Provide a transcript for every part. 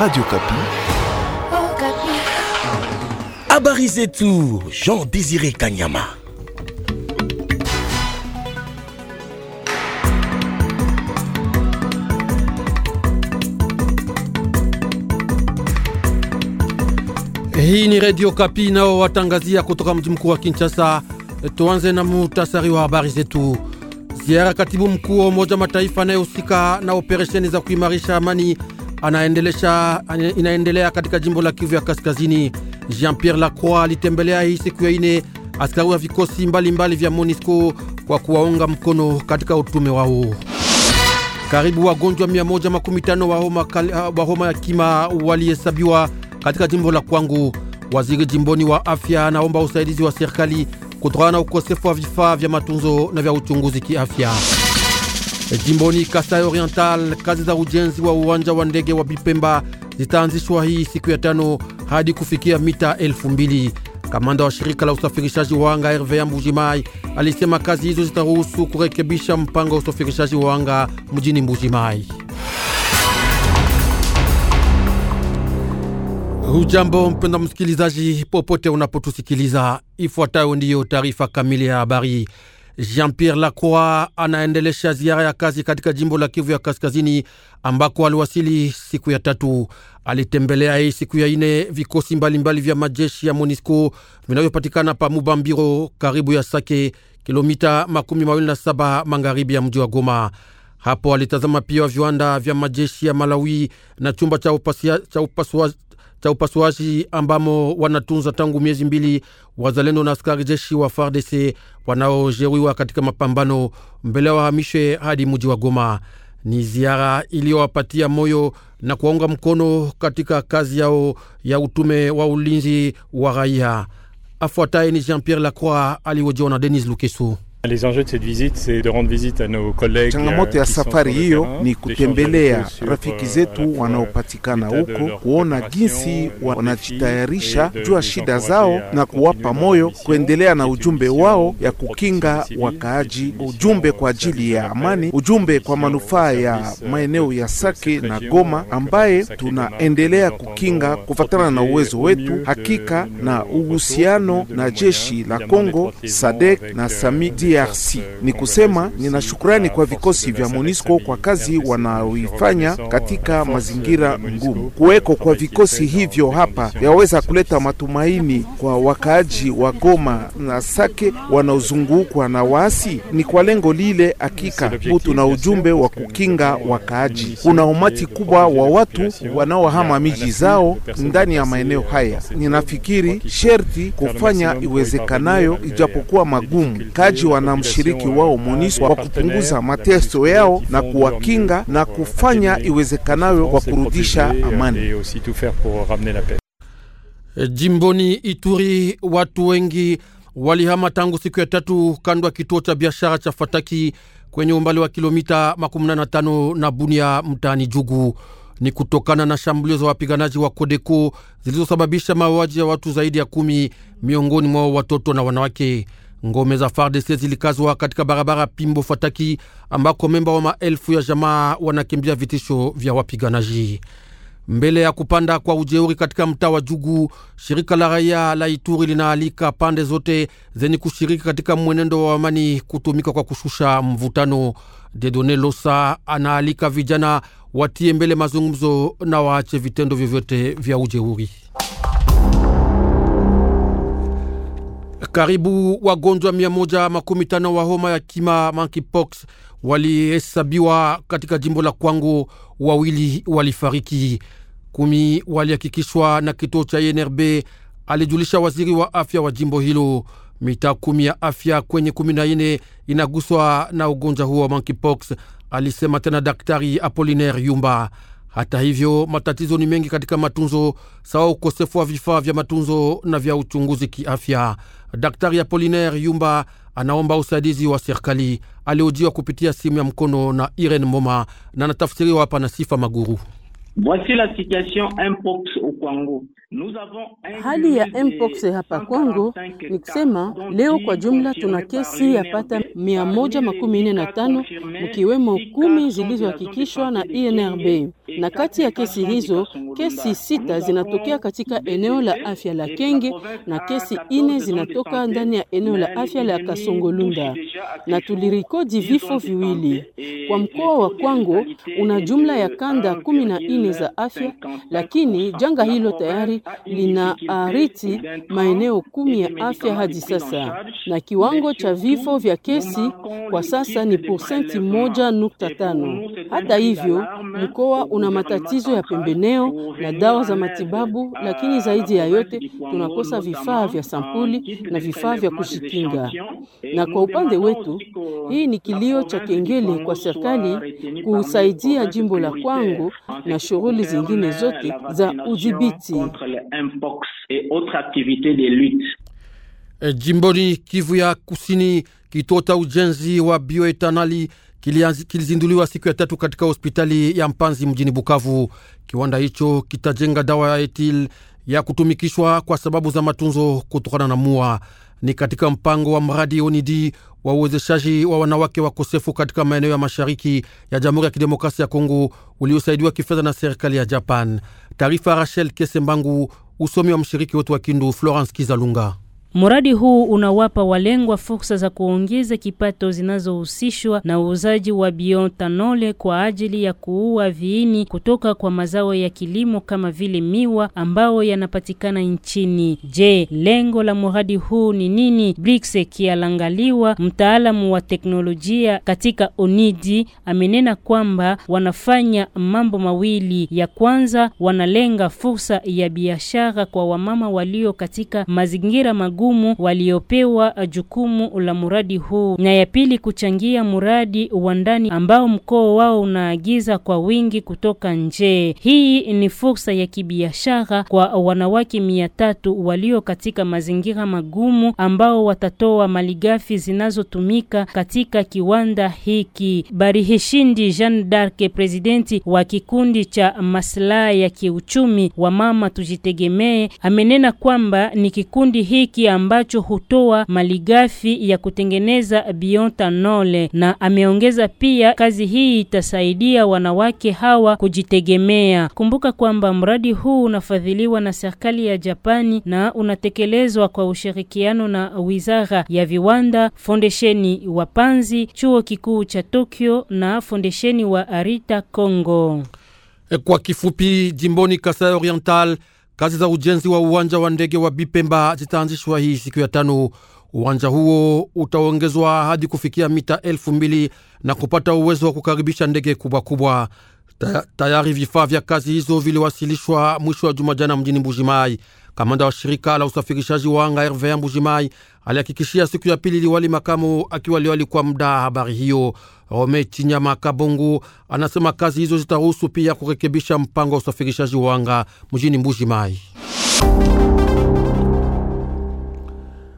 Radio Kapi. Habari zetu Jean Désiré Kanyama. Hii ni Radio Kapi nao watangazia kutoka mji mkuu wa Kinshasa. Tuanze na muhtasari wa habari zetu. Ziara katibu mkuu wa Umoja Mataifa anayehusika na operesheni za kuimarisha amani anaendelesha inaendelea katika jimbo la Kivu ya Kaskazini. Jean-Pierre Lacroix alitembelea hii siku ya ine askari wa vikosi mbalimbali mbali vya monisco kwa kuwaunga mkono katika utume wao. Karibu wagonjwa 115 wa homa ah, wa homa ya kima walihesabiwa katika jimbo la Kwangu. Waziri jimboni wa afya anaomba usaidizi wa serikali kutokana na ukosefu wa vifaa vya matunzo na vya uchunguzi kiafya. Jimboni Kasai Oriental, kazi za ujenzi wa uwanja wa ndege wa Bipemba zitaanzishwa hii siku ya tano hadi kufikia mita elfu mbili. Kamanda wa shirika la usafirishaji wa anga RVA Mbujimai alisema kazi hizo zitaruhusu kurekebisha mpango wa usafirishaji wa anga mjini Mbujimai. Hujambo mpenda msikilizaji, popote unapotusikiliza, ifuatayo ndiyo taarifa kamili ya habari. Jean-Pierre Lacroix anaendelesha ziara ya kazi katika jimbo la Kivu ya Kaskazini ambako aliwasili siku ya tatu. Alitembelea hii siku ya ine vikosi mbalimbali mbali vya majeshi ya MONUSCO vinavyopatikana pa Mubambiro karibu ya Sake, kilomita makumi mawili na saba magharibi ya mji wa Goma. Hapo alitazama pia viwanda vya majeshi ya Malawi na chumba cha upasuaji cha upasua, cha upasuaji ambamo wanatunza tangu miezi mbili wazalendo na askari jeshi wa FARDC wanaojeruhiwa katika mapambano mbele wahamishwe hadi mji wa Goma. Ni ziara iliyowapatia moyo na kuwaunga mkono katika kazi yao ya utume wa ulinzi wa raia. Afuataye ni Jean Pierre Lacroix alihojiwa na Denis Lukesu. Changamoto ya euh, safari hiyo ni kutembelea rafiki zetu euh, wanaopatikana huko, kuona jinsi euh, wanajitayarisha, kujua shida zao na kuwapa moyo kuendelea na ujumbe wao ya kukinga wakaaji, ujumbe kwa ajili ya amani, ujumbe kwa manufaa ya maeneo ya Sake na Goma ambaye tunaendelea kukinga kufatana na uwezo wetu, hakika na uhusiano na jeshi la Kongo, Sadek na Samidi DRC. Ni kusema nina shukrani kwa vikosi vya MONUSCO kwa kazi wanaoifanya katika mazingira ngumu. Kuweko kwa vikosi hivyo hapa yaweza kuleta matumaini kwa wakaaji wa Goma na Sake wanaozungukwa na waasi. Ni kwa lengo lile hakika butu na ujumbe wa kukinga wakaaji. Kuna umati kubwa wa watu wanaohama miji zao ndani ya maeneo haya. Ninafikiri sherti kufanya iwezekanayo, ijapokuwa magumu. Kaji wa na mshiriki wao MONUSCO kwa kupunguza mateso yao na kuwakinga na kufanya iwezekanayo kwa kurudisha eh, amani. Eh, eh, jimboni Ituri, watu wengi walihama tangu siku ya tatu kando ya kituo cha biashara cha Fataki kwenye umbali wa kilomita 85 na Bunia mtaani Jugu. Ni kutokana na shambulio za wapiganaji wa Kodeko zilizosababisha mauaji ya watu zaidi ya kumi, miongoni mwao watoto na wanawake. Ngome za FARDC zilikazwa katika barabara Pimbo Fataki, ambako memba wa maelfu ya jamaa wanakimbia vitisho vya wapiganaji. Mbele ya kupanda kwa ujeuri katika mtaa wa Jugu, shirika la raia la Ituri linaalika pande zote zenye kushiriki katika mwenendo wa amani kutumika kwa kushusha mvutano. Dedone Losa anaalika vijana watie mbele mazungumzo na waache vitendo vyovyote vya ujeuri. Karibu wagonjwa mia moja makumi tano wa homa ya kima monkeypox walihesabiwa katika jimbo la Kwango. Wawili walifariki, kumi walihakikishwa na kituo cha INRB, e alijulisha waziri wa afya wa jimbo hilo. Mitaa kumi ya afya kwenye kumi na nne inaguswa na ugonjwa huo wa monkeypox, alisema tena Daktari Apolinaire Yumba. Hata hivyo, matatizo ni mengi katika matunzo, sawa ukosefu wa vifaa vya matunzo na vya uchunguzi kiafya. Daktari Apolinaire Yumba anaomba usaidizi wa serikali. Aliojiwa kupitia simu ya mkono na Irene Moma na anatafsiriwa hapa na Sifa Maguru. Hali ya mpox hapa Kongo ni kusema leo kwa jumla tuna kesi pata 145 mkiwemo kumi zilizohakikishwa na INRB na kati ya kesi hizo kesi sita zinatokea katika eneo la afya la Kenge na kesi ine zinatoka ndani ya eneo la afya la Kasongolunda, na tulirikodi vifo viwili. Kwa mkoa wa Kwango una jumla ya kanda kumi na ine za afya, lakini janga hilo tayari lina ariti maeneo kumi ya afya hadi sasa, na kiwango cha vifo vya kesi kwa sasa ni posenti moja nukta tano. Hata hivyo mkoa kuna matatizo ya pembeneo na dawa za matibabu, lakini zaidi ya yote tunakosa vifaa vya sampuli na vifaa vya kushikinga. Na kwa upande wetu, hii ni kilio cha kengele kwa serikali kusaidia jimbo la kwangu na shughuli zingine zote za udhibiti. Eh, jimboni Kivu ya Kusini, kituo cha ujenzi wa bioetanali kilizinduliwa siku ya tatu katika hospitali ya Mpanzi mjini Bukavu. Kiwanda hicho kitajenga dawa ya etil ya kutumikishwa kwa sababu za matunzo kutokana na mua. Ni katika mpango wa mradi Onidi wa uwezeshaji wa wanawake wakosefu katika maeneo ya mashariki ya Jamhuri ya Kidemokrasia ya Kongo uliosaidiwa kifedha na serikali ya Japan. Taarifa ya Rachel Kesembangu, usomi wa mshiriki wetu wa Kindu Florence Kizalunga. Mradi huu unawapa walengwa fursa za kuongeza kipato zinazohusishwa na uuzaji wa biotanole kwa ajili ya kuua viini kutoka kwa mazao ya kilimo kama vile miwa ambao yanapatikana nchini. Je, lengo la mradi huu ni nini? Brix Kialangaliwa, mtaalamu wa teknolojia katika Onidi, amenena kwamba wanafanya mambo mawili. Ya kwanza, wanalenga fursa ya biashara kwa wamama walio katika mazingira magumu magumu waliopewa uh, jukumu la muradi huu, na ya pili kuchangia muradi wa ndani ambao mkoa wao unaagiza kwa wingi kutoka nje. Hii ni fursa ya kibiashara kwa wanawake mia tatu walio katika mazingira magumu ambao watatoa malighafi zinazotumika katika kiwanda hiki. Barihishindi Jean d'Arc, presidenti wa kikundi cha maslahi ya kiuchumi wa mama tujitegemee, amenena kwamba ni kikundi hiki ambacho hutoa malighafi ya kutengeneza nole na ameongeza pia kazi hii itasaidia wanawake hawa kujitegemea. Kumbuka kwamba mradi huu unafadhiliwa na serikali ya Japani na unatekelezwa kwa ushirikiano na Wizara ya Viwanda, Fondesheni wa Panzi, Chuo Kikuu cha Tokyo na Fondesheni wa Arita Kongo. Kwa kifupi, jimboni Kasai Oriental Kazi za ujenzi wa uwanja wa ndege wa Bipemba zitaanzishwa hii siku ya tano. Uwanja huo utaongezwa hadi kufikia mita elfu mbili na kupata uwezo wa kukaribisha ndege kubwa kubwa. Tayari vifaa vya kazi hizo viliwasilishwa mwisho wa juma jana mjini Mbujimai. Kamanda wa shirika la usafirishaji wa anga RVA Mbujimai alihakikishia siku ya pili liwali makamu akiwa liwali kwa muda. Habari hiyo Rome Chinyama Kabongu anasema kazi hizo zitaruhusu pia kurekebisha mpango wa usafirishaji wa anga mjini Mbujimai.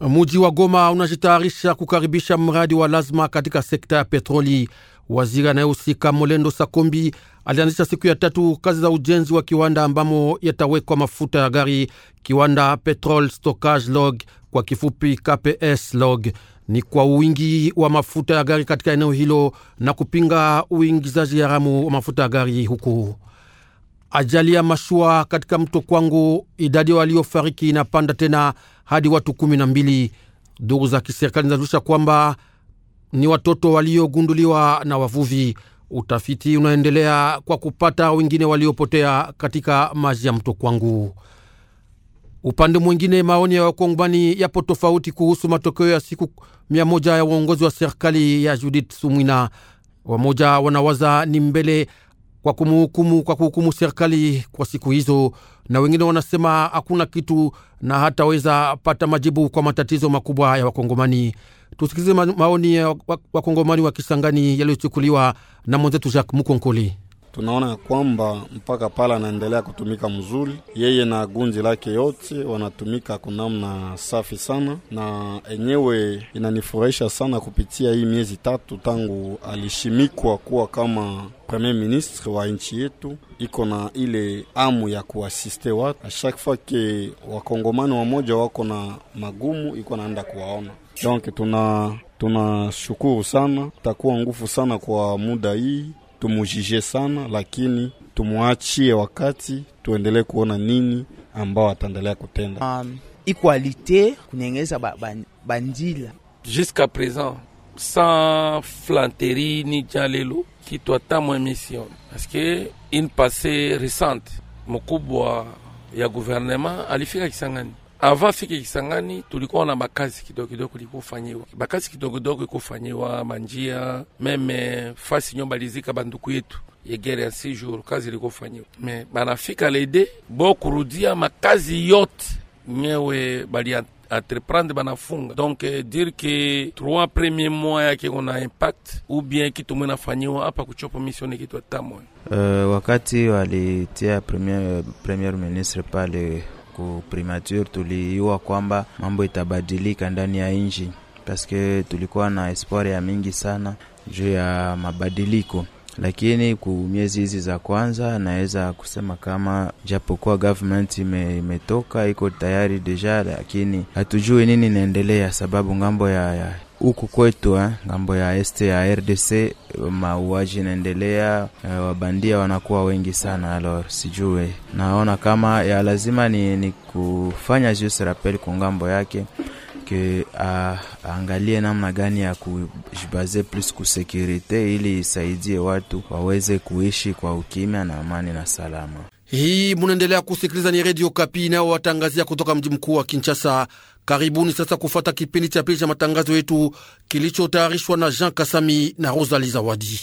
Muji wa Goma unajitayarisha kukaribisha mradi wa lazima katika sekta ya petroli. Waziri anayehusika Molendo Sakombi alianzisha siku ya tatu kazi za ujenzi wa kiwanda ambamo yatawekwa mafuta ya gari, kiwanda Petrol Stockage Log kwa kifupi KPS Log. Ni kwa wingi wa mafuta ya gari katika eneo hilo na kupinga uingizaji haramu wa mafuta ya gari huku ajali ya mashua katika mto Kwangu, idadi waliofariki inapanda tena hadi watu kumi na mbili. Ndugu za kiserikali zinajulisha kwamba ni watoto waliogunduliwa na wavuvi. Utafiti unaendelea kwa kupata wengine waliopotea katika maji ya mto Kwangu. Upande mwingine, maoni ya wakongomani yapo tofauti kuhusu matokeo ya siku mia moja ya uongozi wa serikali ya Judith sumwina Wamoja wanawaza ni mbele kwa kumuhukumu kwa kuhukumu serikali kwa siku hizo, na wengine wanasema hakuna kitu na hataweza pata majibu kwa matatizo makubwa ya Wakongomani. Tusikilize maoni ya Wakongomani wa Kisangani yaliyochukuliwa na mwenzetu Jacques Mukonkoli tunaona kwamba mpaka pale anaendelea kutumika mzuri, yeye na gunji lake yote wanatumika kunamna safi sana, na enyewe inanifurahisha sana kupitia hii miezi tatu tangu alishimikwa kuwa kama premier ministre wa nchi yetu iko na ile amu ya kuasiste watu ashak fois ke wakongomani wamoja wako na magumu iko naenda kuwaona. Donc tuna tunashukuru sana, takuwa nguvu sana kwa muda hii tumujije sana, lakini tumwachie wakati tuendelee kuona nini ambao ataendelea kutenda. Um, equalite kunyengeza ba, ba, bandila jusqu'à présent sans flanterie ni jalelo kitu hata mwemission parce que une passée récente mkubwa euh, ya gouvernement alifika Kisangani Avant fike Kisangani tulikuwa na bakazi kidogo kidogo likufanyiwa, bakazi kidogo kidogo ikufanyiwa manjia meme fasi nyo balizika banduku yetu yegere ya séjour, kazi likufanyiwa me banafika lede bo kurudia makazi yote nyewe balia entreprendre banafunga donc dire ke trois premier mois yake kuna impact ou bien kitu mwe nafanyiwa hapa kuchopo misioni kitu hata Uh, wakati walitia premier, premier ministre pale ku primature tuliua kwamba mambo itabadilika ndani ya nji paske tulikuwa na espoir ya mingi sana juu ya mabadiliko lakini ku miezi hizi za kwanza naweza kusema kama japokuwa government imetoka iko tayari deja, lakini hatujui nini inaendelea, sababu ngambo ya, ya huku kwetu eh, ngambo ya este ya RDC mauaji inaendelea, eh, wabandia wanakuwa wengi sana. Alor sijue naona kama ya lazima ni, ni kufanya jus rappel kwa ngambo yake ke aangalie namna gani ya kujibaze plus kusekurite ili isaidie watu waweze kuishi kwa ukimya na amani na salama. Hii munaendelea kusikiliza, ni Redio Kapi inayowatangazia kutoka mji mkuu wa Kinshasa. Karibuni sasa kufuata kipindi cha pili cha matangazo yetu kilichotayarishwa na Jean Kasami na Rosali Zawadi.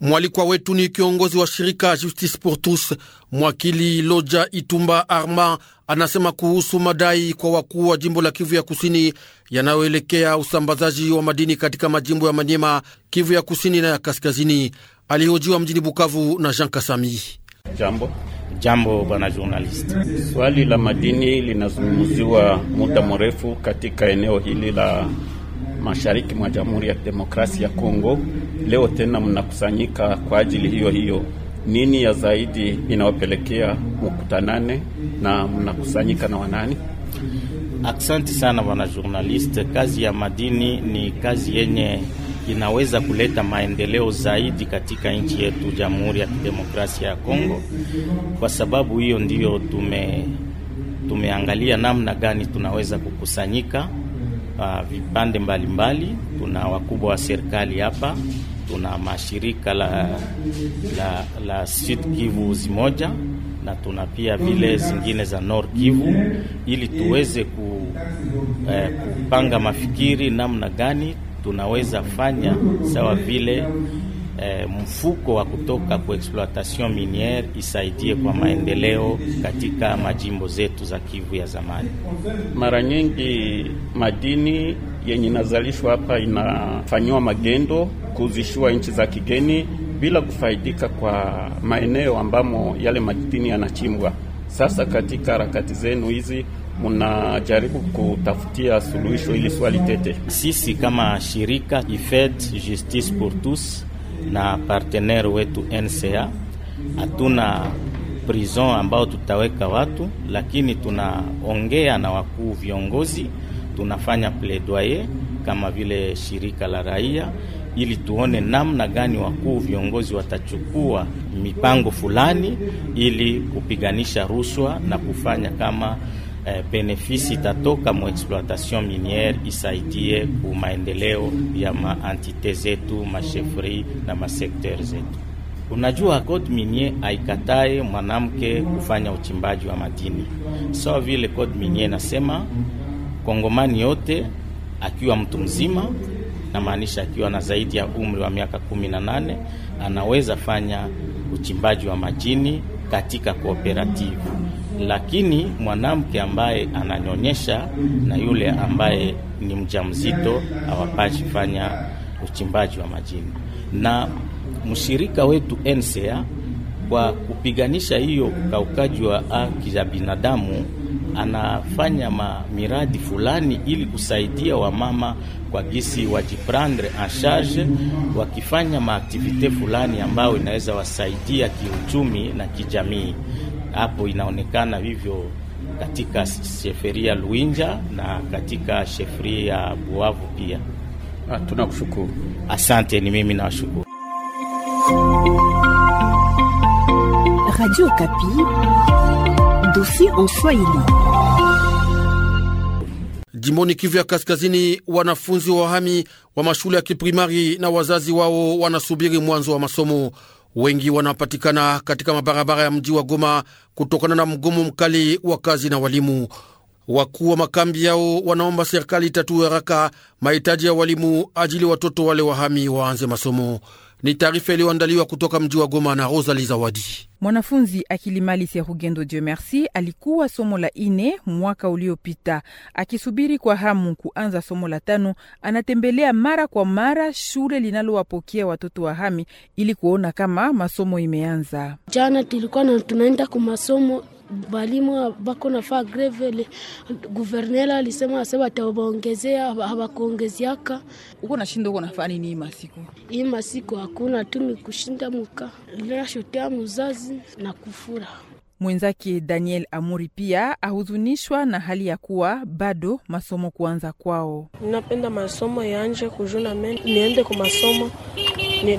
Mwalikwa wetu ni kiongozi wa shirika Justice pour tous, mwakili Loja Itumba Arma anasema kuhusu madai kwa wakuu wa jimbo la Kivu ya Kusini yanayoelekea usambazaji wa madini katika majimbo ya Manyema, Kivu ya Kusini na ya Kaskazini alihojiwa mjini Bukavu na Jean Kasami. Jambo. Jambo bwana journalist, swali la madini linazungumziwa muda mrefu katika eneo hili la mashariki mwa Jamhuri ya Demokrasia ya Kongo. Leo tena mnakusanyika kwa ajili hiyo hiyo, nini ya zaidi inawapelekea mukutanane na mnakusanyika na wanani? Asante sana bwana journalist, kazi ya madini ni kazi yenye inaweza kuleta maendeleo zaidi katika nchi yetu Jamhuri ya Kidemokrasia ya Kongo. Kwa sababu hiyo ndiyo tume tumeangalia namna gani tunaweza kukusanyika uh, vipande mbalimbali mbali. Tuna wakubwa wa serikali hapa, tuna mashirika la, la, la Sud Kivu zimoja na tuna pia vile zingine za Nord Kivu ili tuweze ku, eh, kupanga mafikiri namna gani tunaweza fanya sawa vile E, mfuko wa kutoka kwa exploitation miniere isaidie kwa maendeleo katika majimbo zetu za Kivu ya zamani. Mara nyingi madini yenye inazalishwa hapa inafanyiwa magendo kuuzishiwa nchi za kigeni bila kufaidika kwa maeneo ambamo yale madini yanachimbwa. Sasa katika harakati zenu hizi munajaribu kutafutia suluhisho ili swali tete. Sisi kama shirika IFED Justice pour tous na partenaire wetu NCA hatuna prison ambao tutaweka watu, lakini tunaongea na wakuu viongozi, tunafanya plaidoyer kama vile shirika la raia ili tuone namna gani wakuu viongozi watachukua mipango fulani ili kupiganisha rushwa na kufanya kama eh, benefisi itatoka mu exploitation miniere isaidie ku maendeleo ya maantite zetu mashefri na masekter zetu. Unajua, code minier aikatae mwanamke kufanya uchimbaji wa madini sawa so, vile code minier nasema kongomani yote akiwa mtu mzima namaanisha akiwa na zaidi ya umri wa miaka kumi na nane anaweza fanya uchimbaji wa majini katika kooperative lakini mwanamke ambaye ananyonyesha na yule ambaye ni mjamzito hawapashi fanya uchimbaji wa majini. Na mshirika wetu NCA e kwa kupiganisha hiyo ukaukaji wa haki za binadamu anafanya ma miradi fulani ili kusaidia wamama kwa gisi wajiprendre en charge, wakifanya maaktivite fulani ambayo inaweza wasaidia kiuchumi na kijamii hapo inaonekana hivyo katika sheferia Luinja na katika sheferia ya Buavu pia. Ah, tunakushukuru. Asante, ni mimi nawashukuru. Radio Kapi, dossier en Swahili. Jimboni Kivu ya Kaskazini, wanafunzi wa wahami wa mashule ya kiprimari na wazazi wao wanasubiri mwanzo wa masomo wengi wanapatikana katika mabarabara ya mji wa Goma kutokana na mgomo mkali wa kazi na walimu. Wakuu wa makambi yao wanaomba serikali itatue haraka mahitaji ya walimu ajili watoto wale wahami waanze masomo. Ni taarifa iliyoandaliwa kutoka mji wa Goma na Rosali Zawadi. Mwanafunzi Akilimali Serugendo Dieu Merci alikuwa somo la ine mwaka uliopita, akisubiri kwa hamu kuanza somo la tano. Anatembelea mara kwa mara shule linalowapokea watoto wa hami ili kuona kama masomo imeanza. Jana tulikuwa na tunaenda kwa masomo balimu bako nafaa greve. le Guverner alisema asema atawaongezea, hawakuongeziaka. Uko nashinda uko nafaa nini? Hii masiku hii masiku hakuna tu ni kushinda muka linashotea muzazi na kufura Mwenzake Daniel Amuri pia ahuzunishwa na hali ya kuwa bado masomo kuanza kwao. ninapenda masomo yanje kujuna meni, niende kwa masomo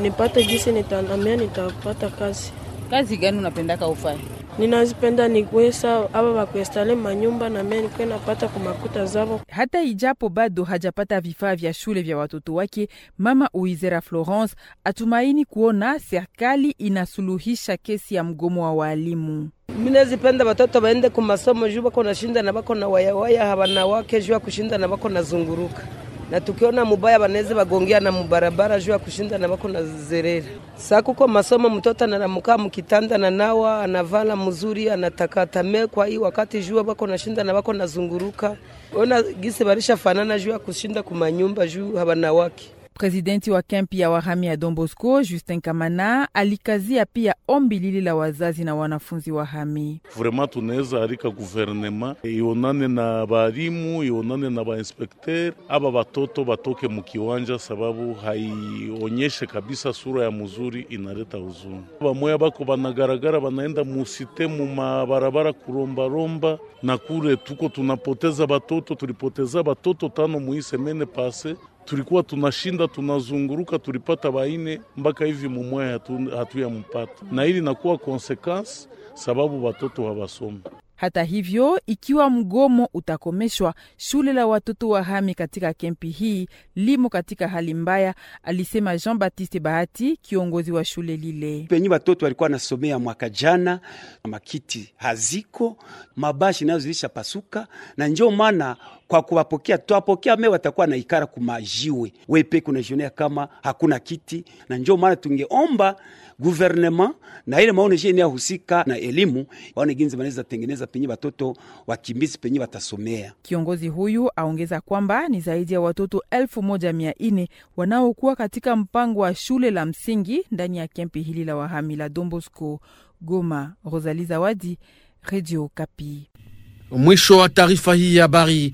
nipate ni jisi nitaandamia, nitapata kazi. Kazi gani unapendaka ufanye? ninazipenda nikuesa aba bakuestale manyumba na mimi nikwe napata kumakuta zabo. Hata ijapo bado hajapata vifaa vya shule vya watoto wake, mama Uizera Florence atumaini kuona serikali inasuluhisha kesi ya mgomo wa walimu. nazipenda watoto waende kumasomo juu bako nashinda na bako na wayawaya, hawana wake juu kushinda na bako nazunguruka na tukiona mubaya banaweza bagongea na mubarabara juu ya kushinda na bako na zerera kuko masomo mtoto anaramuka mkitanda na nawa anavala mzuri anatakatamee kwa hii wakati jua bako nashinda na bako nazunguruka ona gisi barisha fanana juu ya kushinda kumanyumba juu habanawaki Presidenti wa kempi ya wahami ya dombosco Justin Kamana alikazia pia ombi lile la wazazi na wanafunzi wahami. Vrema tunaweza alika guvernema ionane na barimu ionane na bainspekter aba batoto batoke mukiwanja, sababu haionyeshe kabisa sura ya muzuri, inaleta huzuni. Bamoya bako banagaragara banaenda musite mu mabarabara kurombaromba, na kule tuko tunapoteza batoto, tulipoteza batoto tano muisemene pase tulikuwa tunashinda tunazunguruka, tulipata baine mpaka hivi mumwe hatuyampata hatu, na ili nakuwa konsekansi sababu watoto hawasomi. Hata hivyo, ikiwa mgomo utakomeshwa, shule la watoto wa hami katika kempi hii limo katika hali mbaya, alisema Jean Baptiste Bahati, kiongozi wa shule lile. Penye watoto walikuwa wanasomea mwaka jana, makiti haziko, mabashi nayo pasuka, na njo maana kwa kuwapokea. Twapokea me watakuwa na ikara kumajiwe, we kuna jionea kama hakuna kiti, na njo maana tungeomba guvernema na ile maone jeni husika na elimu waone ginzi wanaweza tengeneza penye watoto wakimbizi penye watasomea. Kiongozi huyu aongeza kwamba ni zaidi ya watoto elfu moja mia nne wanaokuwa katika mpango wa shule la msingi ndani ya kempi hili la wahami la Dombosco. Goma, Rosalie Zawadi, Radio Kapi. Mwisho wa taarifa hii ya habari.